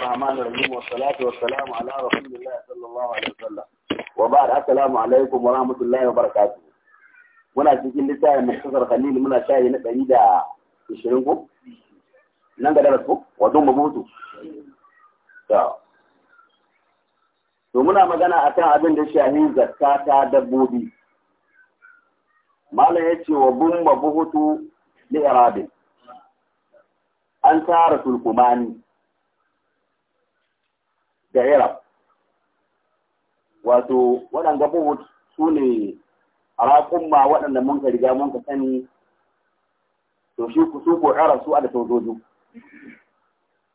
الرحمن الرحيم والصلاة والسلام على رسول muna khalil muna shayi na ɗari da ishirin ko nan ga darasu wato mabutu to muna magana akan abin da shahin zakka ta dabbobi malam ya ce wa bun mabutu li irabin an tara tulkumani da Arab. Wato waɗanda Uhud su ne ma waɗanda mun riga mun ka sani to shi ku su ko su a da sojoji.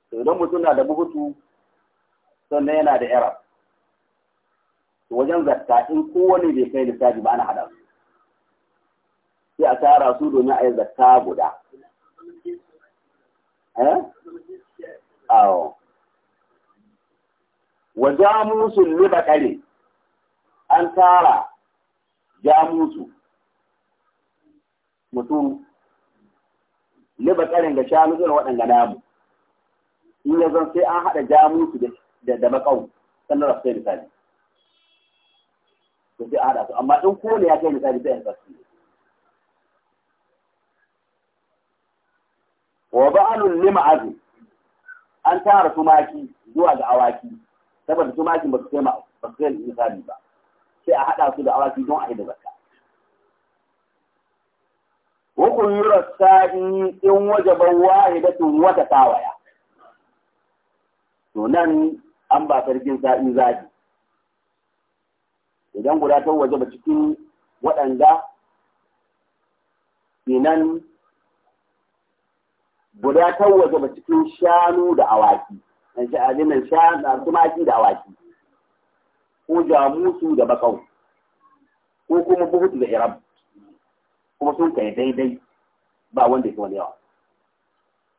To idan mutum na da buhutu sannan yana da Arab. Wajen zata in kowane bai kai lissafi ba ana haɗa su. Sai a tara su domin a yi zata guda. Eh? Awo. wa jamusun liba kare an tara jamusu mutum liba karen ga shanu irin waɗanda namu in ya zan sai an haɗa jamusu da bakau sannan rasu misali to sai a haɗa su amma in kone ya kai misali sai a rasu wa ba'alun lima azu an tara tumaki zuwa ga awaki saboda tumakin ba su kai ba su kai misali ba sai a haɗa su da awaki don a yi da zakka hukun yura sa'i in wajaban wahidatin wata tawaya to nan an ba sarkin sa'i zaji idan guda ta ba cikin waɗanda kenan guda ta ba cikin shanu da awaki nan sha na tumaki da awaki ko jamusu da bakau ko kuma buhutu da irab kuma sun kai daidai ba wanda ke wani yawa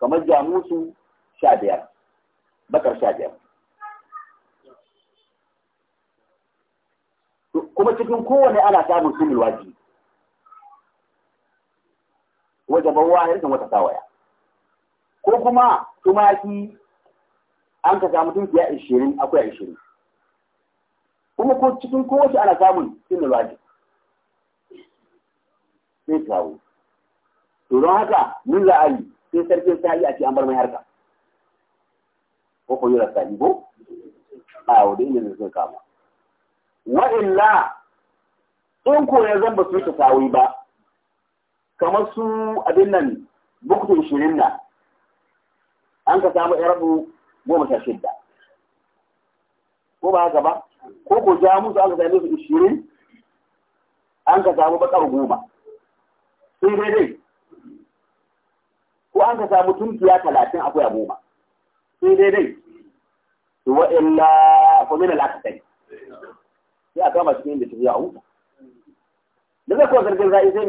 kamar jamusu sha biyar bakar sha biyar kuma cikin kowane ana samun sumul waji wajen bawa yankin wata tawaya ko kuma tumaki an ka samu dukiya ishirin akwai ishirin kuma ko cikin kowace ana samun da wajib sai kawo to don haka mun za a yi sai sarkin sa'i a ce an bar mai harka ko ko yi rasta ko a wadda inda ne sun kama wa'illa in ko ya zan su ta sawi ba kamar su abin nan bukutun shirin na an ka samu yarabu goma sha shidda ko ba haka ba ko ko ja musu aka same su ishirin an ka samu bakar goma sai dai dai ko an ka samu tunkiya talatin akwai a goma sai dai dai wa illa famin lakasai sai a kama cikin da tafiya a huta da zai kuwa zargin za'i sai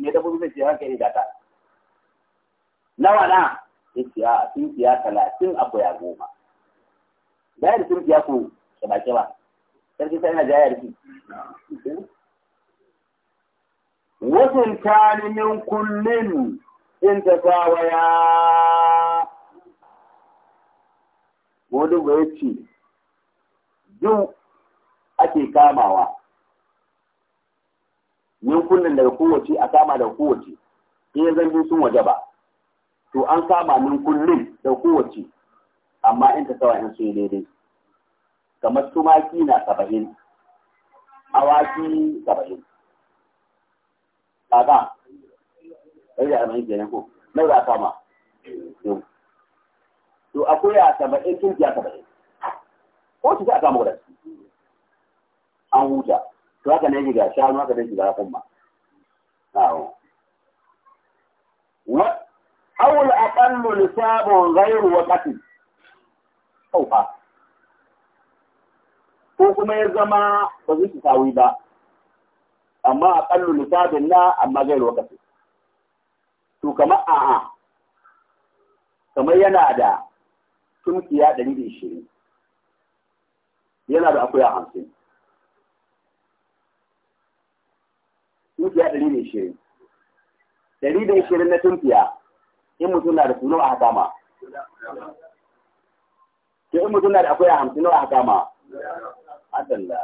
mai dabbobi zai ce haka ya gata nawa na ya a tunkiya talatin akwai a goma da tunkiya ko baki ba sarki sai na jayar da shi wasun tani min kullin in ta sawaya wani ba ya ce duk ake kamawa min kullin daga kowace a kama daga kowace in ya zan sun waje ba to an kama min kullum da kowace amma in ta tawa in sun daidai kamar tumaki na saba'in awaki saba'in kaga ɗaya da arba'in kenan ko na za kama to akwai a saba'in tun a saba'in ko ci za a kama wadansu an huta to haka ne shiga shanu haka ne shiga kuma na'o awul aqallu nisabun ghayru waqati sauka ko kuma ya zama ba zai ci sawi ba amma aqallu nisabin na amma ghayru waqati to kamar a'a kamar yana da tumkiya 120 yana da akuya 50 tumkiya 120 120 na tumkiya in mutum na da suno a hakama to in mutum na da akwai a hamsin a hakama adalla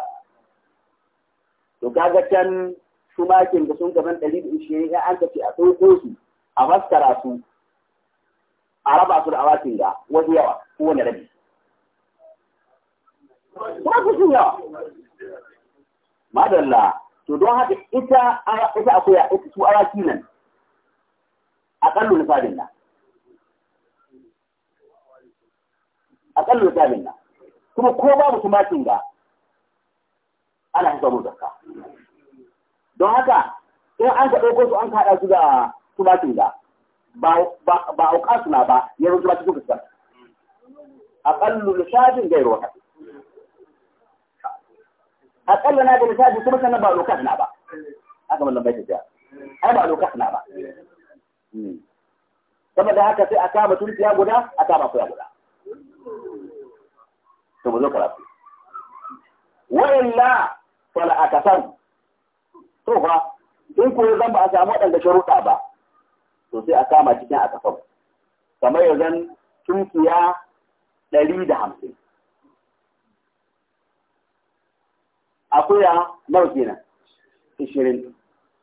to kaga can tumakin da sun gaban ɗari da ishirin ya an tafi a sauko su a faskara su a raba su da awakin ga wasu yawa ko wani rabi kuma su sun yawa madalla to don haka ita akwai akwai ita su awaki nan أقل نصاب الله أقل نصاب الله kuma ko babu tumatin ga ana hasa mu zakka don haka in an ka ɗauko su an kaɗa haɗa su da tumatin ga ba a ƙasu na ba ya rutu ba cikin fuskar aƙallu lissafin gairu A aƙalla na da lissafi kuma sannan ba lokas na ba aka mallan bai tafiya ai ba lokas na ba da haka sai a kama turkiya guda a kama kuya guda to mu zo karatu wa illa a akasan to fa in ko zan ba a samu wadanda sharuɗa ba to sai a kama cikin a akasan kamar zan turkiya ɗari da hamsin akuya nawa kenan ishirin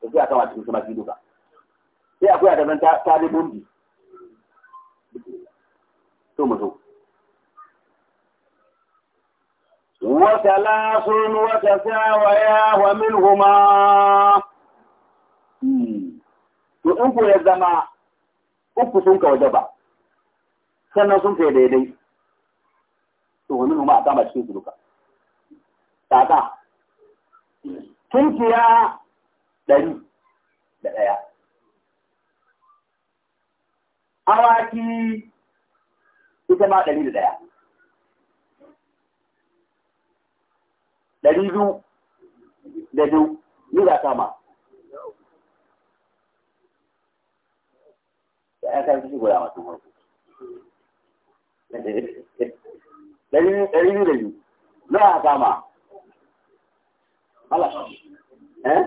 da sai a kama cikin su mafi duka sai akwai da daban ta bi to mu zo وثلاث وتساويا ومنهما to in ku ya zama uku sun ka waje ba sannan sun fi daidai to wani huma a kama cikin duka tata tunkiya ɗari da ɗaya awaki ita ma ɗari da ɗaya ɗari biyu da biyu ni za kama da ya kai kishi goya masu farko ɗari biyu da biyu za a kama Allah eh?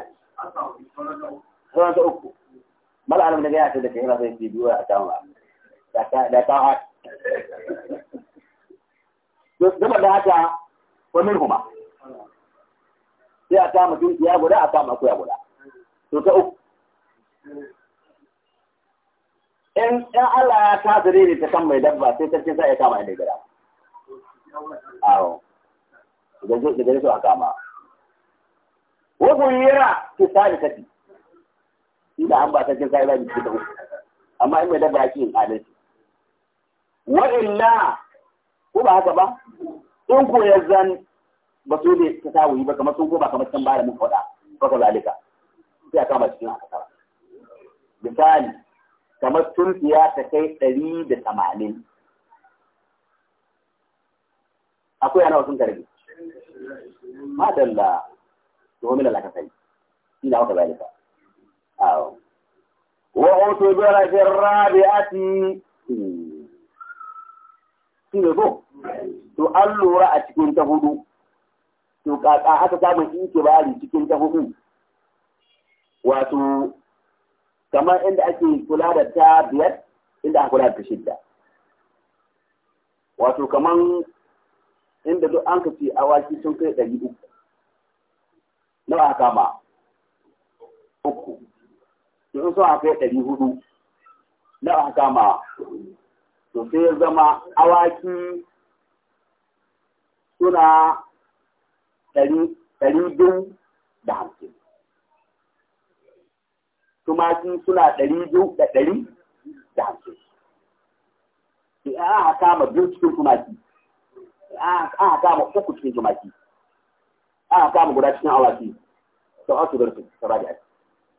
Sauran ta uku. mala alam daga ya ce da ke hira sai biyu a kan da ta ha to zama da haka wa min huma sai a kama tunkiya guda a kama akuya guda to ta uku in in Allah ya kasa rere ta kan mai dabba sai sarki sai ya kama inda gida awo da gare su a kama wa guyira ki sadi kati inda an ba ta jin kai rabi da uku amma in mai dabba yake in adalci wa illa ko ba haka ba in ko ya zan ba su ne ta yi ba kamar sun ko ba kamar sun ba da muka faɗa ba ka zalika sai a kama cikin haka misali kamar ya ta kai ɗari da tamanin akwai yana wasu karbi madalla domin wani lalaka sai ina waka zalika وأعتبر في الرابعة shine go to an lura a cikin ta hudu to kaka haka ba intibari cikin ta hudu wato kamar inda ake kula da ta biyar inda aka kula da ta shidda wato kamar inda duk an kace awaki sun kai ɗari uku nawa ma uku to so suna kai ɗari hudu na aka kama to sai ya zama awaki suna ɗari biyu da hamsin tumaki suna ɗari biyu da ɗari da hamsin sai aka kama biyu cikin tumaki aka kama uku cikin tumaki aka kama guda cikin awaki to an su garsu ta ba da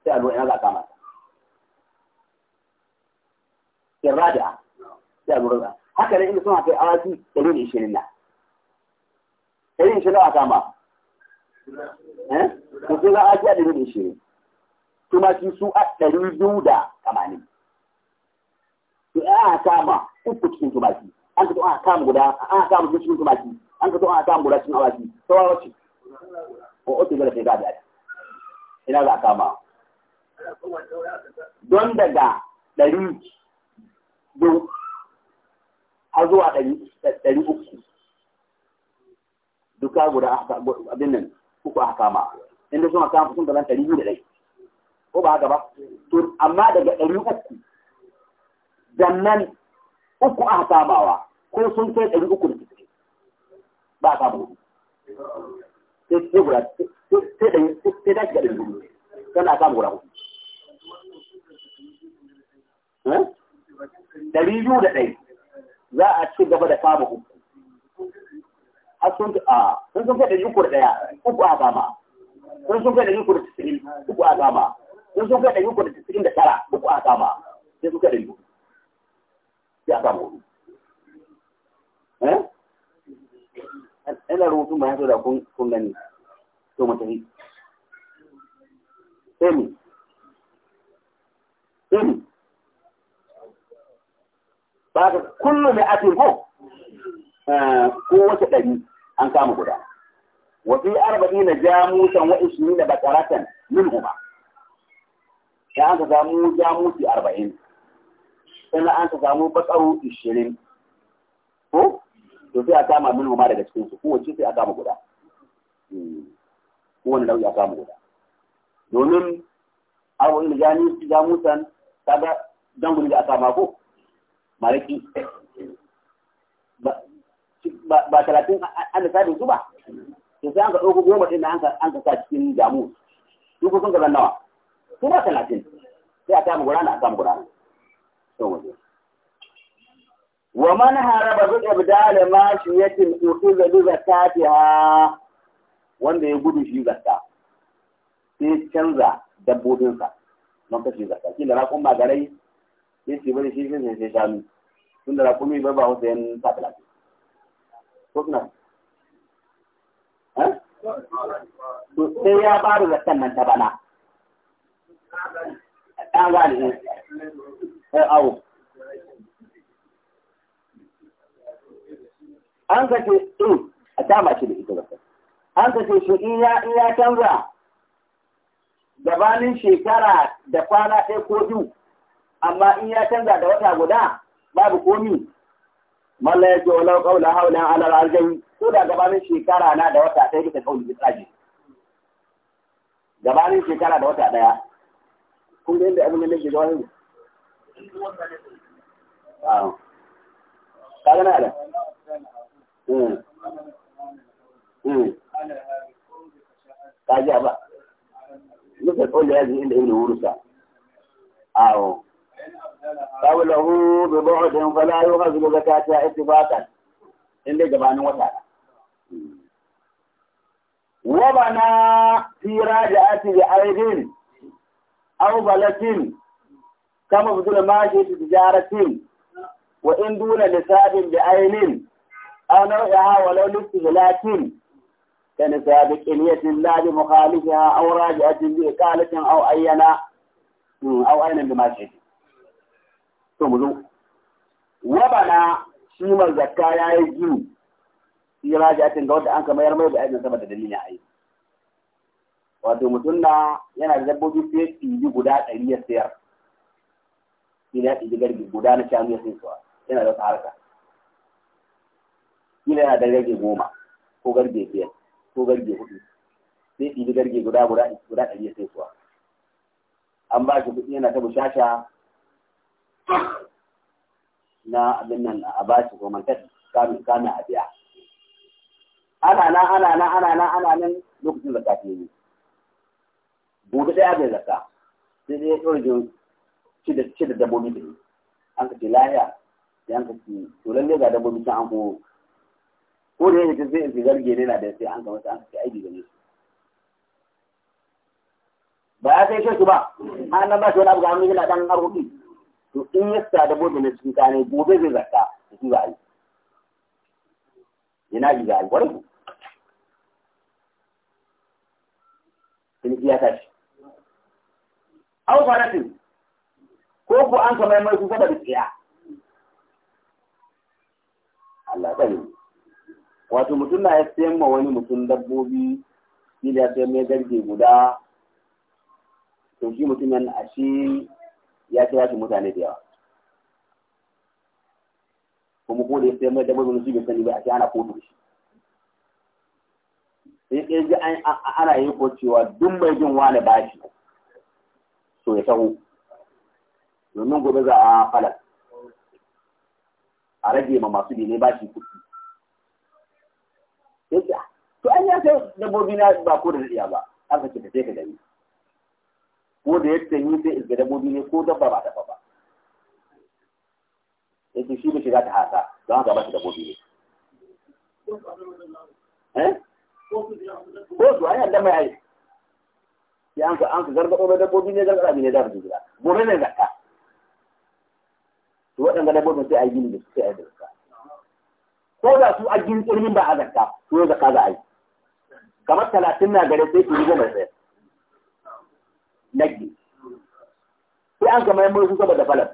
sai a lura ina za a kama ta الرابعة لا المرضى هكذا إن سمع في كما ثم تسوء kama an kato kama an kama su cikin an kato a kama daga biyu har zuwa ɗari uku duka guda abin nan uku aka kama inda suna kama sun gaban ɗari biyu da ɗai ko ba haka ba to amma daga ɗari uku nan uku aka kamawa ko sun kai ɗari uku da suke ba a kama hudu sai sai guda sai ɗari sai ta shiga ɗari hudu sannan a kama guda hudu eh? ɗari biyu da ɗari za a ci gaba da fama uku a sun a sun sun kai ɗari uku da ɗaya uku a kama sun sun kai ɗari uku da tisa'in uku a kama sun sun kai ɗari uku da tisa'in da tara uku a kama sai sun kai ɗari uku sai a kama hudu eh? ina rubutun ma yaso da kun gani to mu tafi sai mu ba ka kullu mai ake ko eh, ko wata ɗari an kama guda wa fi arba'ina jamusan wa da bakaratan min huma ya an ka samu jamusi arba'in sannan an ka samu bakaru ishirin ko to sai a kama min huma daga cikin su kowace sai a kama guda hmm. kowane nau'i a kama guda domin arba'in jamusan kaga dangane da a kama ko mariki ba talatin an da sabin su ba to sai an ka ɗauko goma ɗin da an ka sa cikin damu su kusan ka nawa su ba talatin sai a samu gurana a samu gurana wa man haraba zu ibdal ma shi yatim uqiza bi ha wanda ya gudu shi zakka sai canza dabbobinsa don kashi zakka kila na kuma garai sai ce bari shi zai sai shanu tun da rakumi bai ba ba wasu yan sa talatin ko suna to sai ya ba da zakan nan ta bana ɗan ga ne sai awo an ka ce in a dama shi da ita zakan an ka ce shi in ya canza gabanin shekara da kwana ɗaya ko biyu amma in ya canza da wata guda babu komi malla ya ce walau kaula haula alal arjai ko da gabanin shekara na da wata sai bisa kauli bisaji gabanin shekara da wata ɗaya kun ga inda abin da nake gawa ne ka gana da hmm. hmm. ka ji ba nuka kauli ya ji inda ibn wurusa awo Kabila ubu bai bahu ɗin ba na yi maganin ta ce a iska baka da ni. Idan daga na. Wannan tira da asibiti a yi min, au bala tin, kamar dule mashe duk jarasin, waɗanda una lissafin da a yi min, an nau'i hawa launin da ta ke da lakin, kani zaɓi ƙin ya hmm, fin laabi muƙalishi a aure a canji aƙalashin au aina da mashe. to mu zo wabana shi mai zakka ya yi gini tsira jatin ga wanda an ka mayar mai da ajin sama da dalilin yi wato mutum na yana da dabbobi sai tsiri guda ɗari ya sayar ne ya tsiri gargi guda na shanu ya sai yana da wata harka ne yana da garbi goma ko garge biyar ko garge hudu sai tsiri garbi guda guda ɗari ya sai an ba shi kuɗi yana ta bushasha na abin nan a ba shi goma ta kamin kamin a biya ana nan ana nan ana nan ana nan lokacin zakka ta yi buɗe ɗaya bai zakka sai dai ya ɗora jin ci da dabbobi da yi an ka ce lahiya sai an ka ce to lalle ga dabbobi ta an ko ko da yake sai in fi garge ne na da sai an ka wata an ka ce aiki gani. ba ya sai shi ba an nan ba shi wani abu ga hannu yana ɗan arhuɗi to in ya sadabo da na cikin kane gobe zai zakka da shi za a yi yana yi za a yi kwarai ku ciniki ya tashi an fanatin ko ku an kamar mai kusa da tsiya Allah tsari wato mutum na ya sayan ma wani mutum dabbobi shi da ya sayan mai garge guda to shi mutum yana ashe. ya kira shi mutane da yawa kuma ko da sai mai da mazuni su bai sani ba a ce ana kotu shi sai kai ji ana yi ko cewa duk mai jin wani bashi So ya taho domin gobe za a falas a rage ma masu bene bashi kuɗi ah, to an yi aka dabbobi na ba ko da daɗiya ba aka ce ta sai ka gani ko da yadda ni zai izga dabbobi ne ko dabba ba dabba ba yake shi ba shiga ta hasa don haka ba shi dabbobi ne eh? ko su an yadda mai ai ya an ka an ka gargaɗo na dabbobi ne gargaɗa ne da su gida gobe ne zakka to waɗanda dabbobin sai a yi gini da su sai a yi da ko da su a gini tsirmin ba a zakka ko zakka za a yi kamar talatin na gare sai su yi goma sai nagge sai an kama yammai sun saboda falal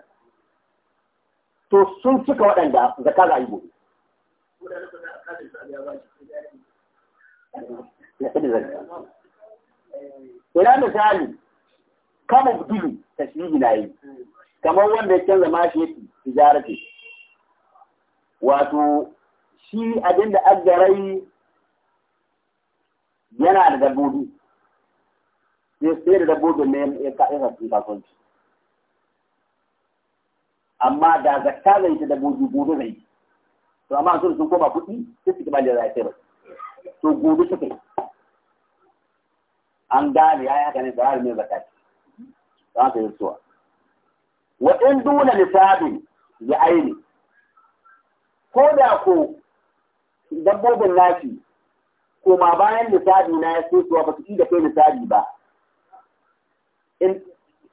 to sun cika waɗanda zakka za a yi gobe ina misali kama budilu tashbihi na yi kamar wanda ya canza mashi tijarati wato shi abinda aggarai yana da dabbobi ya sai da dabbobin ne ya ka'ira sun kasuwanci amma da zakka zai ta dabbobi gobe zai to amma sun sun koma kuɗi sai su kimanin da sai ba to gobe suke an gane ya yi haka ne da rari mai zakka ta haka yi suwa wa in duna nisabin ya aini ko da ko dabbobin nashi ma bayan nisabi na ya sai suwa ba su da kai nisabi ba in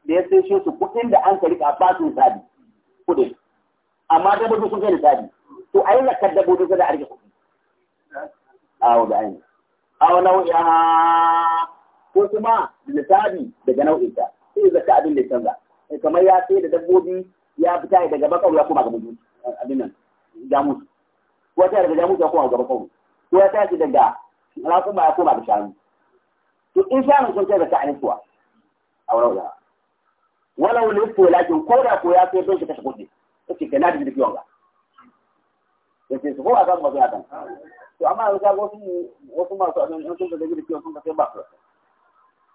da ya sai shi su kuɗin da an karika ba su misali kuɗin amma dabbobi sun kai misali to a yi zakar dabbobi sai da arke kuɗi awo da ainihi awo nau'i a ko kuma misali daga nau'in ta sai zakka abin da ya canza kamar ya sai da dabbobi ya fita daga bakar ya koma ga gaba abin nan jamus ko ta daga jamus ya koma ga kauru ko ya tashi daga rakuma ya koma da shanu to in shanu sun kai da ta ainihuwa auren uwa walau ne ko lakin ko da ko ya don kace na da su ko a kan to amma ga wasu wasu sun da ka ba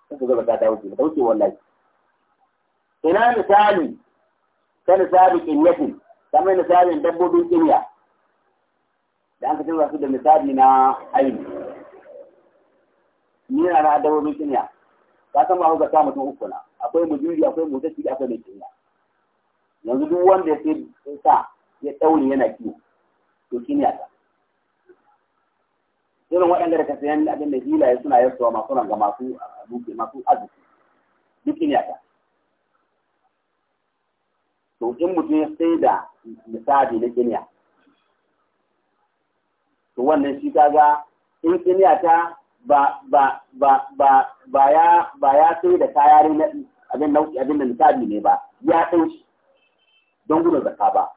su ka ta wuce ta wuce wallahi ina misali kamar misalin dabbobin kinya da an ka su da misali na aini ni na dabbobin kinya ka san ma ga samu duk uku na akwai mujuri akwai mutaci akwai mai kinya yanzu duk wanda ya sai sa ya tsauni yana kiwo to kinya ta irin waɗanda da ka sayan abin da hila ya suna yasuwa masu ranga masu duke masu arziki duk kinya ta to in mutum ya sai da misali na kinya to wannan shi kaga in kinya ta ba ya ba ya sai da kaya na abin nau'i abin da nisabi ne ba ya sai shi don gudun zakka ba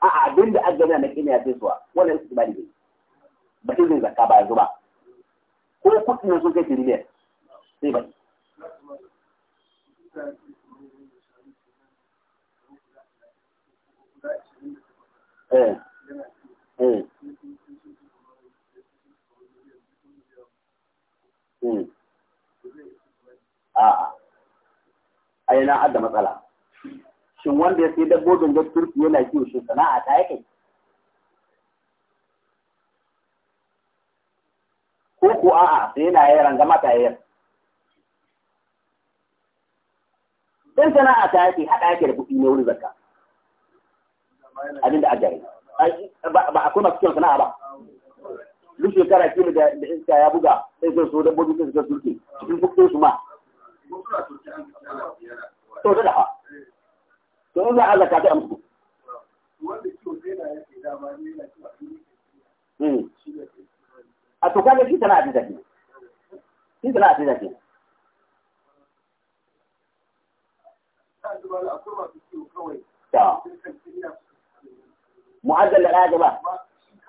a abin da aka na kina ya sai suwa wannan su ba ne ba izin zakka ba yanzu ba ko kuɗi ne sun kai tiriliyan sai ba eh eh Hmm. a'a yana adda matsala shin wanda ya sai dabbobin da turki yana kiwo shi sana'a ta yake ko ko a'a sai yana yaran rangama ta yayar in sana'a ta yake haɗa yake da kuɗi ne wurin zakka abinda a gari ba a kuma cikin sana'a ba duk shekara ke da iska ya buga sai sai so dabbobi sai suka turke cikin kuɗin su ma to da dafa to in za a zakata a mutu hmm. a to kaga shi tana a tafi shi tana a tafi mu'azzal da ɗaya gaba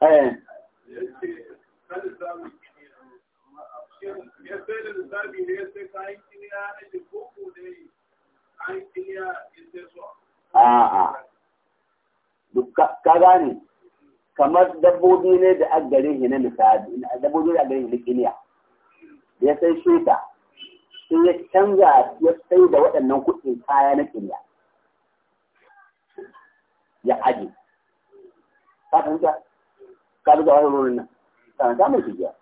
eh a'a duk ka kamar dabbobi ne da agare shi na misali dabbobi da agare shi na kiniya ya sai shuta, sai ya canza ya sai da waɗannan kuɗin kaya na kiniya ya aji ka ta. ka buga wani wurin nan kana ta mai tijiya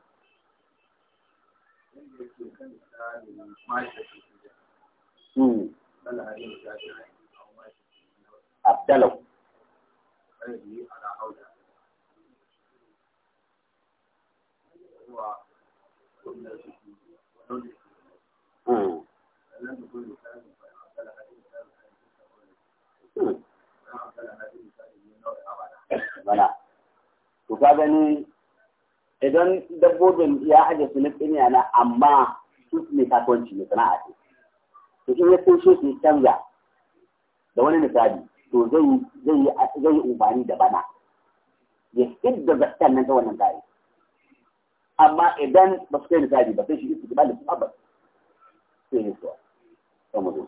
hmm. abdalau hmm. Mm. Mm. ka gani idan dabbobin ya haje su na tsinya na amma su ne kasuwanci ne sana'a ce to in ya sai shi su canza da wani misali to zai zai zai yi umarni da bana ya idda zakkan nan ta wannan kare amma idan ba su kai misali ba sai shi isu ba da su abba sai ne suwa kamar yi.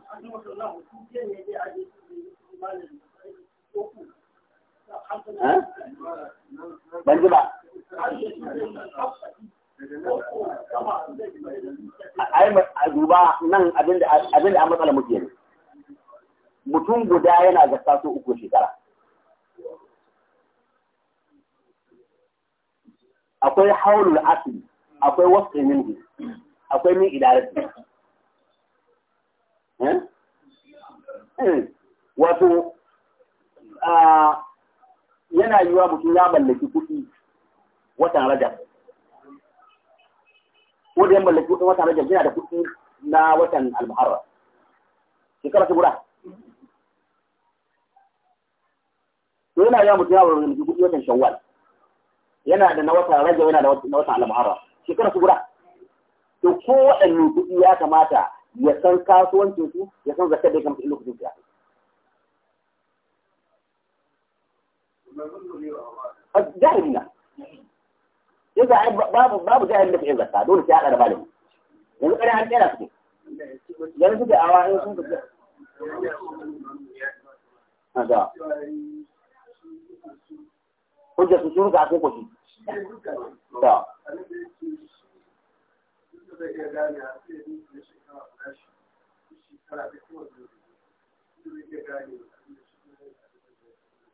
Eh? ban ji ba a duba nan abinda an matsala muke ne mutum guda yana gasa so uku shekara akwai haulul asli akwai wasu minhu akwai min idarati eh? Eh. wato ah, yana wa mutum ya mallaki kuɗi watan rajab ko da ya mallaki kuɗi watan rajab yana da kuɗi na watan almuharram shekara ta gura. to yana wa mutum ya mallaki kuɗi watan shawwal yana da na watan rajab yana da na watan almuharram shekara ta gura. to ko waɗanne kuɗi ya kamata ya san kasuwancin su ya san zakar da ya kamata in lokacin su ya kai na yasa babu babu da ke zakka dole sai haɗa da malami yanzu an tsera suke yanzu suke awa in sun hujja su Thank you.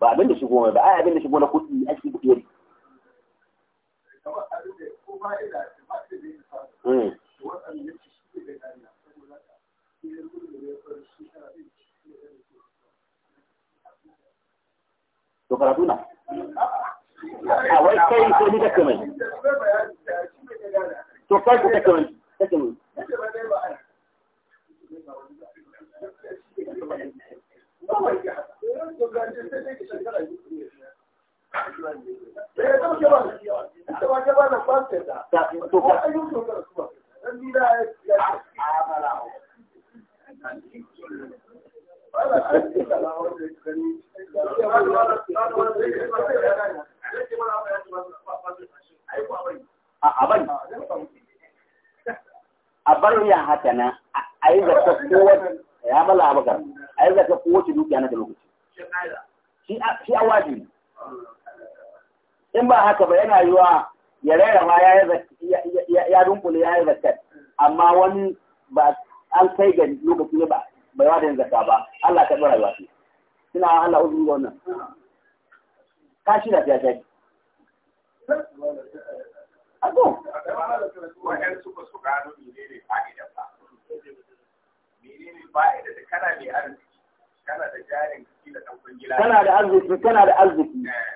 ba abin da shigo mai ba ai abin da shigo na kuɗi a cikin ne to karatu na a ah, wai kai ko ni take mai to kai ko take mai take mai a bari ya haka na yana yiwa ya raira ma ya dunkule ya yi zakat amma wani ba an kai ga lokaci ne ba bai wa da zakka ba Allah ta tsara yawa suna Allah uzuri ga wannan ka shi da fiya kai Kana da arziki, kana da arziki. Eh.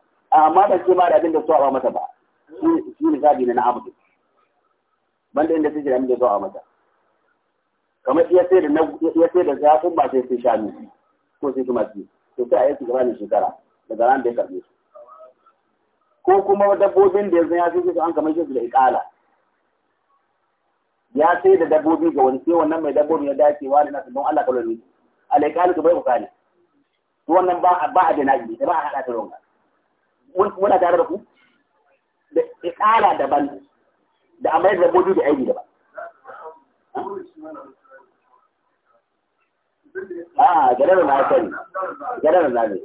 amma ban ce ba da abin da su ba mata ba shi ne sabi na na'abudu banda inda suke da abin da su haɓa mata kamar iya sai da iya sai da zafin ba sai sai shanu ko sai kuma su to sai a yi su ne shekara daga ran da ya karɓe su ko kuma dabbobin da yanzu ya sai su an kamar shi su da iƙala ya sai da dabbobi ga wani sai wannan mai dabbobin ya dace wa na nasu don Allah kalolin alaiƙalu ka bai ku ne. to wannan ba a ba a da ba a haɗa ta ronga muna tare da ku da ikala daban da amai da bodu da aiki daban ah gadar na sani gadar na ne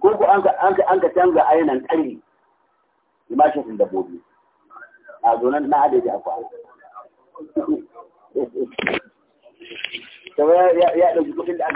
ko ku an ka an an ka ka canza ainihin ƙarni limashin sun dabbobi a zonan na adadi a kwayo ya ya ya da kudin da